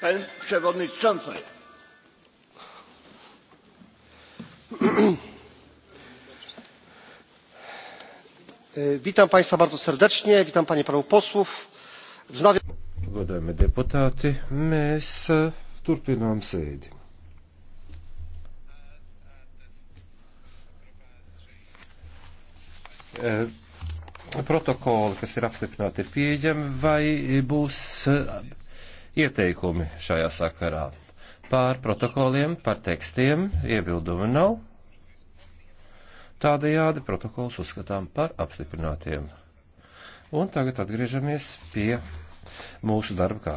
pani przewodnicząca! witam państwa bardzo serdecznie witam panie i panów posłów. godājamie deputāti mēs turpinām sēdi. E, protokoli kas ir apstiprināti ir pieejami vai būs ieteikumi šajā sakarā. Pār protokoliem, par tekstiem iebildumi nav. Tādējādi protokols uzskatām par apstiprinātiem. Un tagad atgriežamies pie mūsu darba kārtības.